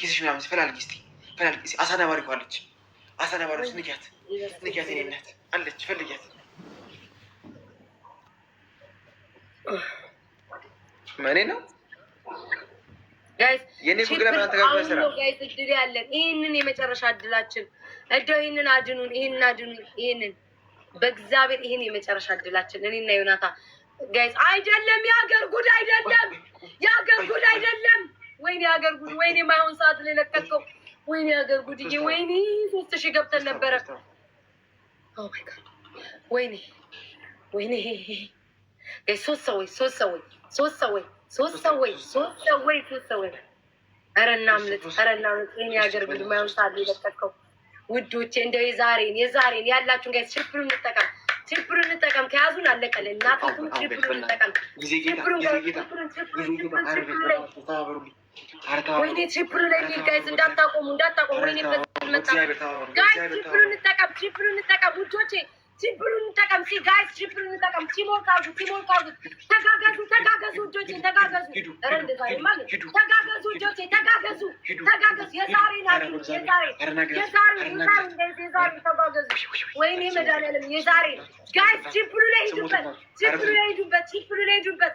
ኪስሽ ምናምን ፈላልጊ እስኪ ፈላልጊ እስኪ። አሳናባሪ እኮ አለች፣ አሳናባሪ ንኪያት፣ ንጊያት የእኔ እናት አለች፣ ፈልጊያት። እኔ ነው የኔ ጉግላ ምናምን ተጋግዘ ስራ እድል ያለን ይህንን የመጨረሻ እድላችን እንደው ይህንን አድኑን፣ ይህንን አድኑን፣ ይህንን በእግዚአብሔር ይህን የመጨረሻ እድላችን እኔና ዮናታ ጋይዝ አይደለም። የሀገር ጉድ አይደለም፣ የሀገር ጉድ አይደለም። ወይኔ ሀገር ጉድ፣ ወይኔ ማይሆን ሰዓት ላይ ለቀቀው። ወይኔ ሀገር ጉድዬ፣ ወይኔ ሶስት ሺህ ገብተን ነበረ። ወይኔ ወይኔ፣ ሶስት ሰዎች ሶስት ሰዎች ሶስት ሰዎች ሶስት ሰዎች ሶስት ሰዎች ሶስት ሰዎች። ኧረ እናምልጥ፣ ኧረ እናምልጥ። ወይኔ ሀገር ጉድ፣ ማይሆን ሰዓት ላይ ለቀቀው። ውዶቼ እንደው የዛሬን የዛሬን ያላችሁን ጋር ሽብር እንጠቀም ችግር እንጠቀም። ከያዙን አለቀለ እናቶቹ ችግር እንጠቀም። ችግሩን ችግሩን ችግሩን ችግሩን ወይኔ ትሪፕሉ ላይ ሚል ጋይዝ እንዳታቆሙ እንዳታቆሙ። ወይኔ መጣ ጋይዝ ትሪፕሉ እንጠቀም፣ ትሪፕሉ እንጠቀም ውዶቼ፣ ትሪፕሉ እንጠቀም። ሲ ጋይዝ ትሪፕሉ እንጠቀም። ቲሞር ቲሞር ተጋገዙ ተጋገዙ ተጋገዙ። ኧረ ማለት ተጋገዙ ተጋገዙ፣ ተጋገዙ። የዛሬ ናት የዛሬ የዛሬ እንደዚህ የዛሬ ወይኔ መድኃኒዓለም የዛሬ ጋይዝ ትሪፕሉ ላይ ሂዱበት፣ ትሪፕሉ ላይ ሂዱበት፣ ትሪፕሉ ላይ ሂዱበት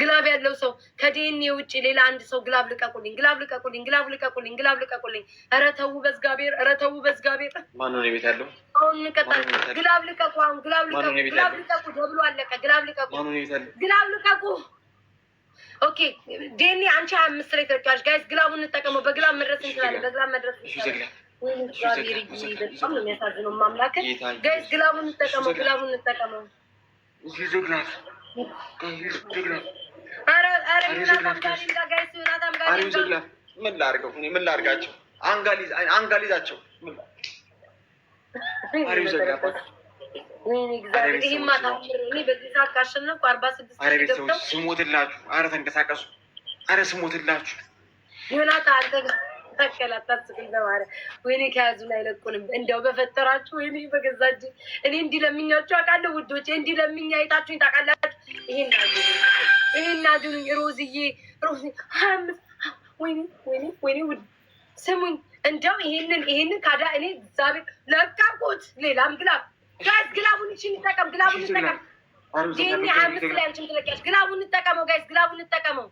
ግላብ ያለው ሰው ከዲኤንኤ ውጭ ሌላ አንድ ሰው ግላብ ልቀቁልኝ፣ ግላብ ልቀቁልኝ፣ ግላብ ልቀቁልኝ፣ ግላብ ልቀቁልኝ፣ ኧረ ተው በዝጋቤር፣ ኧረ ተው በዝጋቤር። ማነው ነው ቤት ያለው? አሁን እንቀጣለን። ግላብ ልቀቁ፣ አሁን ግላብ ልቀቁ፣ ግላብ ልቀቁ፣ ደብሎ አለቀ። ግላብ ልቀቁ፣ ግላብ ልቀቁ። ኦኬ ዴኒ አንቺ ሀያ አምስት ላይ ተጫዋች ጋይስ፣ ግላቡ እንጠቀመው። በግላብ መድረስ እንችላለን፣ በግላብ መድረስ እንችላለን። በጣም ግላቡ እንጠቀመው፣ ግላቡ እንጠቀመው። ምን ላድርገው? ምን ላድርጋቸው? አንጋሊዛቸው ስሞትላችሁ፣ አረ ተንቀሳቀሱ፣ አረ ስሞትላችሁ። ወይኔ ከያዙን አይለቁንም። እንደው በፈጠራችሁ ወይኔ በገዛጅ እኔ እንዲህ ለምኛችሁ አውቃለሁ ውዶች፣ እንዲህ ለምኛ አይጣችሁኝ ታውቃላችሁ። ይሄን አድሉ፣ ሮዝዬ ሮዝ ሀያ ወይኔ ወይኔ ወይኔ ውድ ስሙኝ፣ እንዲያው ይሄንን ይሄንን ካዳ እኔ ዛሬ ለቀቁት። ሌላም ግላብ ጋይስ፣ ግላቡን እቺ እንጠቀም፣ ግላቡን እንጠቀም። ይሄን አምስት ላይ አንቺም ትለቂያለሽ። ግላቡን እንጠቀመው ጋይስ፣ ግላቡን እንጠቀመው።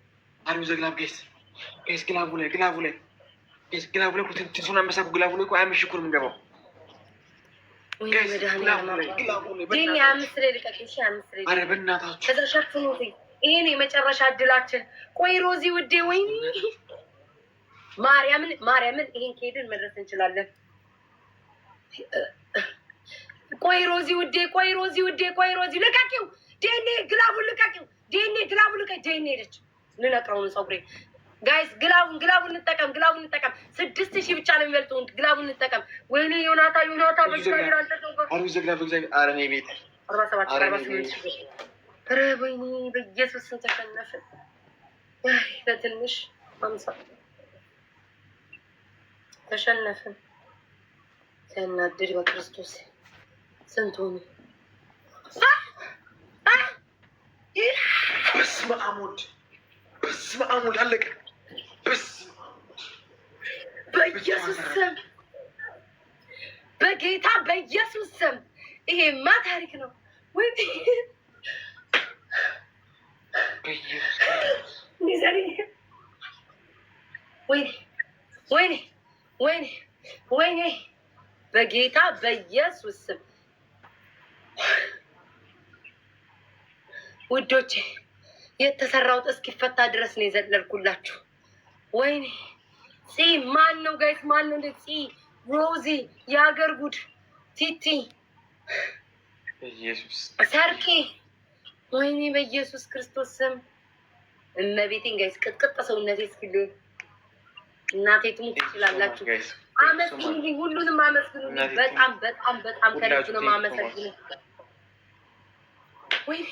አርሚዘ ግላብ ጋይስ፣ ጋይስ፣ ግላቡ ላይ ግላቡ ላይ ጋይስ፣ ግላቡ ላይ ትንሱን አንበሳ ግላቡ ላይ እኮ ነው የምንገባው ይሄን የመጨረሻ እድላችን። ቆይ ሮዚ ውዴ፣ ወይ ማርያምን ማርያምን፣ ይሄን ከሄድን መድረስ እንችላለን። ቆይ ሮዚ ውዴ፣ ቆይ ሮዚ ውዴ፣ ቆይ ሮዚ ልቀቂው፣ ዴኔ ግላቡን ልቀቂው፣ ዴኔ ግላቡን ልቀቂው። ዴኔ ሄደች ልነቅረው ፀጉሬ ጋይስ ግላቡን ግላቡን እንጠቀም፣ ግላቡን እንጠቀም። ስድስት ሺህ ብቻ ነው የሚበልጡ። ግላቡን እንጠቀም። ወይኔ ዮናታ ዮናታ ቤት ወይኔ በኢየሱስ ተሸነፍን በትንሽ አምሳ ተሸነፍን። ሲያናድድ በክርስቶስ ስንት ሆኑ? በስመ አብ ወልድ በስመ አብ ወልድ አለቀ። በኢየሱስ ስም በጌታ በኢየሱስ ስም ይሄማ ታሪክ ነው። ወይ ወይኔ ወይኔ ወይኔ በጌታ በኢየሱስ ስም ውዶቼ የተሰራው እስኪፈታ ድረስ ነው የዘለልኩላችሁ። ወይኔ ሲ ማን ነው ጋይስ? ማን ነው እንዴት? ሲ ሮዚ የሀገር ጉድ ቲቲ ኢየሱስ ሰርኬ ወይኔ በኢየሱስ ክርስቶስ ስም እመቤቴን ጋይስ ቅጥቅጥ ሰውነቴ እስኪል እናቴ ትሙት ትችላላችሁ። አመስግኑ ሁሉንም አመስግኑ። በጣም በጣም በጣም ከልብ ነው ማመሰግኑ። ወይኔ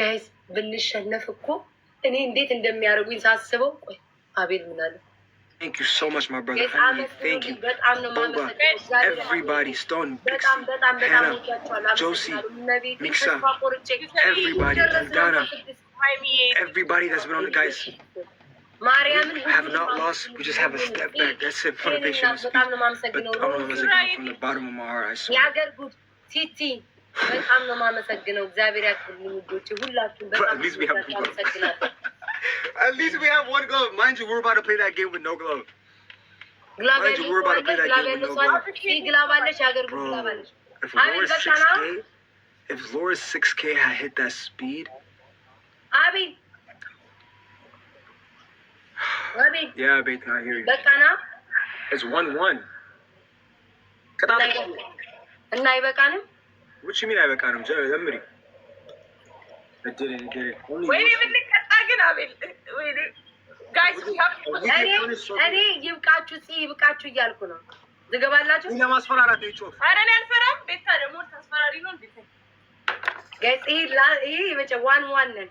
ጋይስ ብንሸነፍ እኮ እኔ እንዴት እንደሚያደርጉኝ ሳስበው ቆይ አቤል ምናለ Thank you so much, my brother. Honey, thank you. Boba, everybody, Stone, Pixie, Josie, Mixa, everybody, Dana, everybody that's been on the guys. have not lost. We just have a step back. That's it for the But I'm from the bottom of my heart. I swear. በጣም ነው የማመሰግነው። እግዚአብሔር ያክብልኝ ውዶች፣ ሁላችሁም በጣም አመሰግናለሁ። At least we have one glove. Mind you, we're about to play that game with no glove. Mind you, we're about to play that game with no glove. Bro, if Laura's 6K, if Laura's 6 I hit that speed. I mean, yeah, Baita, I hear you. It's 1 1. Like, ውጭ ምን አይበቃንም። እኔ ይብቃችሁ ይብቃችሁ እያልኩ ነው። ዝገባላችሁ ለማስፈራራት ይጮህ አረን ያልፈራም ቤታ ደግሞ ነው። ይሄ ዋን ዋን ነን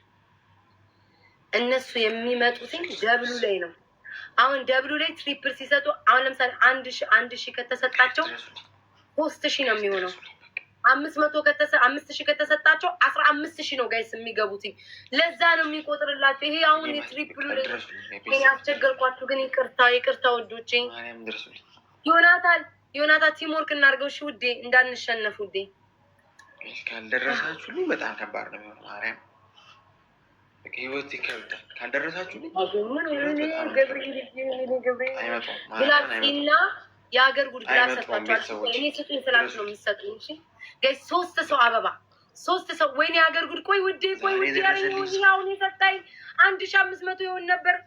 እነሱ የሚመጡትኝ ደብሉ ላይ ነው። አሁን ደብሉ ላይ ትሪፕል ሲሰጡ አሁን ለምሳሌ አንድ ሺ አንድ ሺ ከተሰጣቸው ሶስት ሺ ነው የሚሆነው። አምስት መቶ ከተሰ አምስት ሺ ከተሰጣቸው አስራ አምስት ሺ ነው ጋይስ የሚገቡትኝ። ለዛ ነው የሚቆጥርላቸው። ይሄ አሁን የትሪፕሉ ላይ ያስቸገርኳችሁ፣ ግን ይቅርታ ይቅርታ ወዶቼ። ዮናታ ዮናታ ቲምወርክ እናድርገው። እሺ ውዴ፣ እንዳንሸነፍ ውዴ። ካልደረሳችሁ በጣም ከባድ ነው ማርያም ህይወት ይከብዳል። ካልደረሳችሁ ግላና የሀገር ጉድ ግላስ ሰጥቷቸዋል። እኔ ስጡኝ ስላችሁ ነው የምትሰጡኝ። እሺ ጋይ ሶስት ሰው አበባ ሶስት ሰው ወይኔ የሀገር ጉድ ቆይ ውዴ ቆይ ውዴ ያለኝ አሁን የሰጣኝ አንድ ሺ አምስት መቶ የሆን ነበር